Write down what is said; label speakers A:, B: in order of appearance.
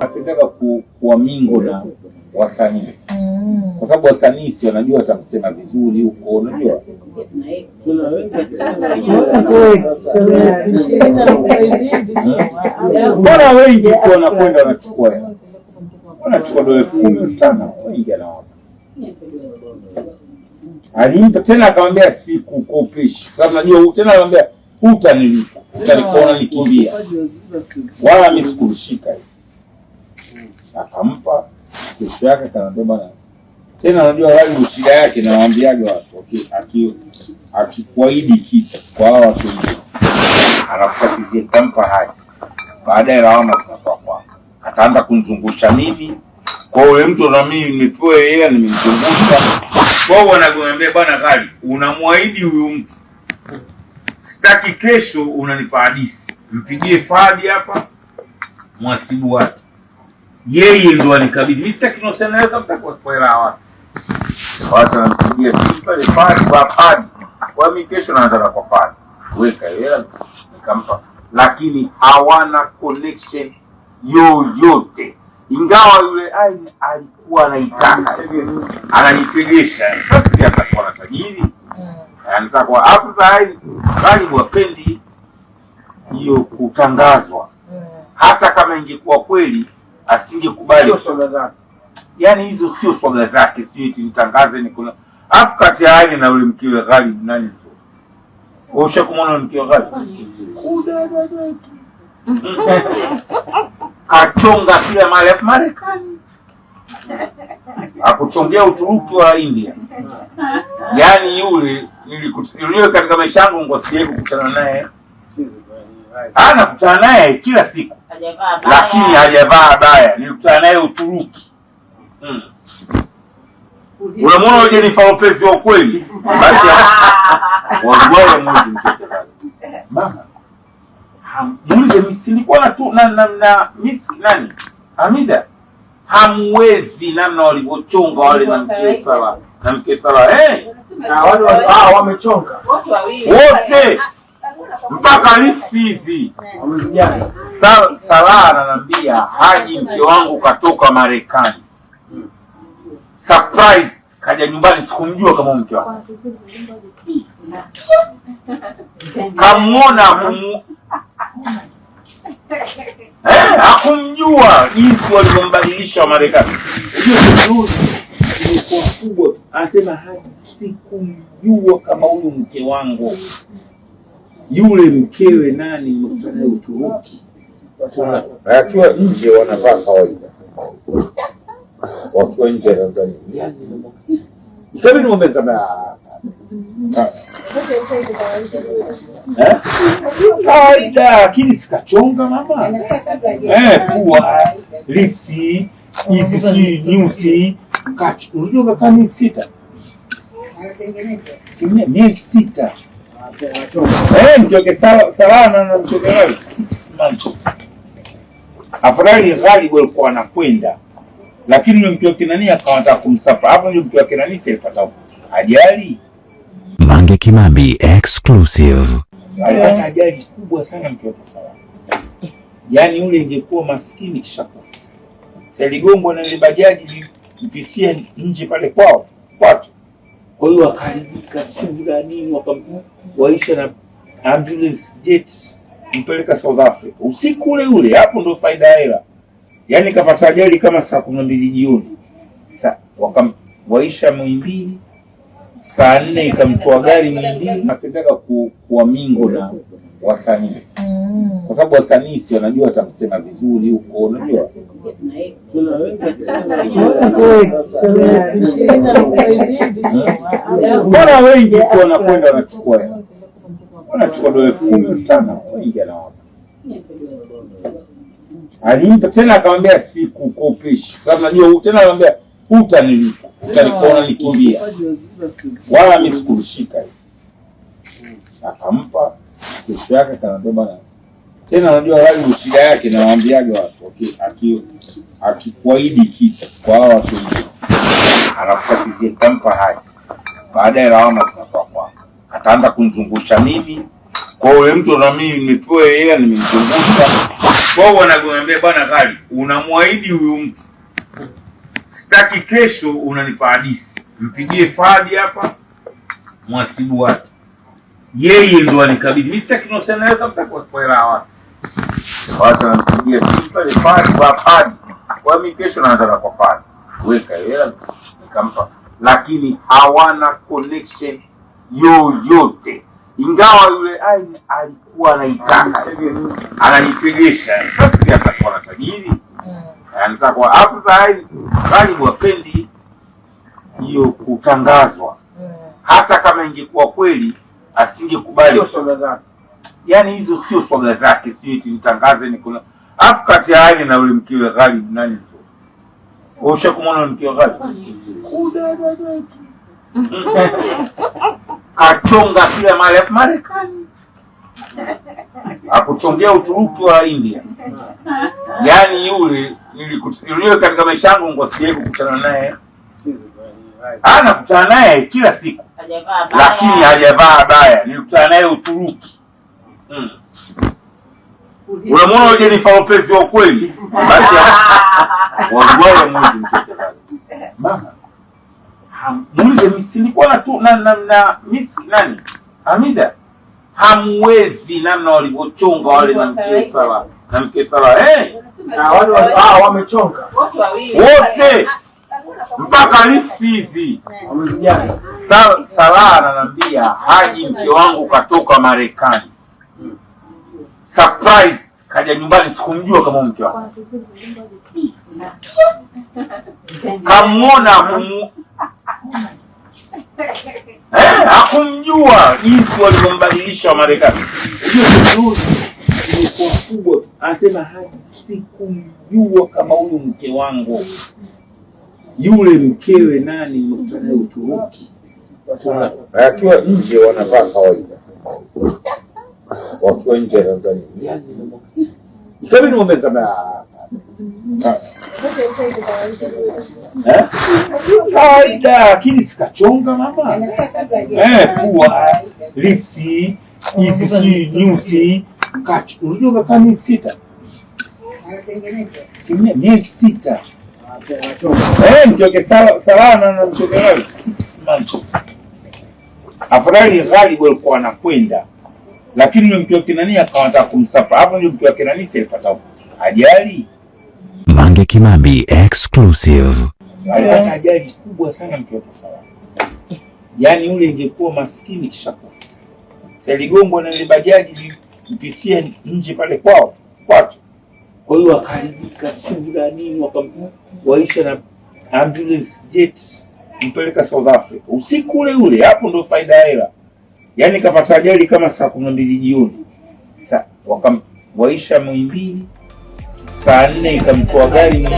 A: Napendaka ku, kuwa mingo na wasanii mm. kwa sababu wasanii si wanajua watamsema vizuri huko, unajua mbona wengi tu wanakwenda wanachukua wanachukua dola elfu kumi elfu tano wengi anaona alimpa tena, akamwambia sikukopeshi. Sasa najua tena, akamwambia utanilipa utanikuona nikimbia, wala mimi sikulishika hivi akampa kesho yake kanabeba na tena. anajua wali shida yake, nawaambiaga watu akikuahidi kitu kwa hawa watu anakufatizia tampa haki, baadaye lawama zinakuwa kwako. Ataanza kunzungusha mimi kwa ule mtu na mimi nimepewa hela, nimemzungusha hiyo wanakuambia bwana gari, unamwahidi huyu mtu sitaki, kesho unanipa hadisi, mpigie Fadi hapa mwasibu wake yeye ndo anikabidhi. Mimi sitaki kuhusiana kabisa kwa kuelewa watu. Watu wanampigia simu pale pale kwa padi. Kwa mimi kesho naanza na kwa padi. Weka hela nikampa. Lakini hawana connection yoyote. Ingawa yule ai alikuwa anaitaka. Ananitegesha. Sasa atakuwa na tajiri. Anataka kwa afu sasa bali wapendi hiyo kutangazwa. Mm. Hata kama ingekuwa kweli asingekubali yani hizo sio swaga zake, sijui tinitangaze ni kuna afu kati ya Ali na ule mkiwe ghali nani ushakumwona mkiwe ghali kachonga kila mali afu Marekani akuchongea Uturuki wa India, yani yule yule katika maisha yangu ngosikiai kukutana naye anakutana naye kila siku lakini hajavaa baya. Nilikutana naye Uturuki, hmm. unamwona ni Lopez wa kweli, basi wagwaya mwezi mama misilikuwa tu na na na misi nani Hamida, hamwezi namna walivyochonga wale na mke sala na mke sala eh, ah, wamechonga wote mpaka lisi hizi Sala ananambia Haji, mke wangu katoka Marekani, surprise kaja nyumbani, sikumjua kama mke wako, kamwona eh, hakumjua jinsi walivyombadilisha wa Marekani. Ilikuwa kubwa, anasema Haji, sikumjua kama huyu mke wangu yule mkewe nani mtanaye Uturuki akiwa nje wanavaa kawaida wakiwa nje ya Tanzania ikabidi niombe eh? kawaida, lakini sikachonga mama kuwa eh, lipsi hizi si nyusi kachoga kani sita miezi sita Eh, mtoke salama na mtoke wewe six ghali Afadhali kwa anakwenda lakini ni mtu wa akawata kumsafa. Hapo ndio mtu wa Kinani si alipata ajali.
B: Mange Kimambi exclusive.
A: Alipata ajali kubwa sana mtu wa Kisarawe. Yaani yule ingekuwa maskini kisha kufa. Seligongwa na ile bajaji mpitia nje pale kwao kwatu kwa hiyo wakaandika sivula nini, waisha na ambulance jets mpeleka South Africa usiku ule ule. Hapo ndo faida hela. Yaani kapata ajali kama saa kumi na mbili jioni sa waisha mwimbili, saa nne ikamtoa gari mwimbili. Napendaga kuwa mingo na wasanii mm. kwa sababu wasanii si wanajua watamsema vizuri huko, unajua mbona wengi tu wanakwenda wanachukua wanachukua dola elfu kumi elfu tano wengi anaona Alimpa tena akamwambia sikukopeshi, kama najua tena anamwambia utanilipa, utanikuona nikimbia, wala mimi sikumshika. Akampa kesho yake kanabeba tena. anajua rugby shida yake, nawaambiaga watu okay, akikuahidi kitu kwa hao watu wengine tampa haki, baadaye lawama zinakuwa kwako. Ataanza kunzungusha mimi kwa yule mtu, na mimi nimepewa hela, nimemzungusha hiyo wanagombea bwana gari, unamwahidi huyu mtu sitaki, kesho unanipa hadisi, mpigie Fadi hapa, mwasibu wake yeye ndo anikabidhi. Mimi sitaki kuhusiana nayo kabisa kwa kuelewa watu. Watu wanapigia simu pale pale kwa pale. Kwa mimi kesho naanza na kwa pale. Weka hela nikampa. Lakini hawana connection yoyote. Ingawa yule ai alikuwa anaitaka. Ananipigisha. Sasa atakuwa na tajiri. Mm. Anataka kwa afu sasa ai bali wapendi hiyo kutangazwa. Mm. Hata kama ingekuwa kweli asingekubali yani, hizo sio swaga zake, sijui nitangaze ni kuna afu kati ya Ali na ule mkiwe Ghalib nani ushakumwona mkiwe Ghalib kachonga kila mali Marekani akuchongea Uturuki wa India. Yani yule yule katika maisha yangu ngosijai kukutana naye, anakutana naye kila siku lakini hajavaa baya. Nilikutana naye Uturuki. Hmm. Unamwona ni faopezi wa ukweli, basi wauawe mwezi mama muulize misilikuwa na tu na, na, na nani Hamida, hamwezi namna walivyochonga wale na sala na mkesala eh, ah, ah, wamechonga wote mpaka lisi hizi Sal, Salah ananiambia Haji, mke wangu katoka Marekani surprise, kaja nyumbani, sikumjua kama mke wangu, kamwona Eh, hakumjua jinsi walivyombadilisha Wamarekani. Anasema Haji, sikumjua kama huyu mke wangu yule mkewe nani mtanaye Uturuki akiwa nje wanavaa kawaida, wakiwa nje ya Tanzania ikabidi niombe ah. kawaida, lakini sikachonga mama pua lipsi hizi nyusi kachu, unajua kaka miezi sita miezi sita Eh, mtoke salama na mtoke wewe six months. Afadhali ghalibu alikuwa anakwenda, lakini yule mtu Kinani akawata anataka kumsapa. Hapo ndio mtu wa Kinani alipata ajali.
B: Mange Kimambi exclusive.
A: Alipata ajali kubwa sana mtu wa salama. Yaani yule ingekuwa maskini kisha kwa Seligongwa na ile bajaji mpitie nje pale kwao kwake kwa hiyo wakaandika subra nini, waisha na Andrews jets mpeleka South Africa usiku ule ule. Hapo ndo faida hela. Yaani kapata ajali kama saa kumi na mbili jioni sa waisha Muhimbili, saa nne ikamtoa gari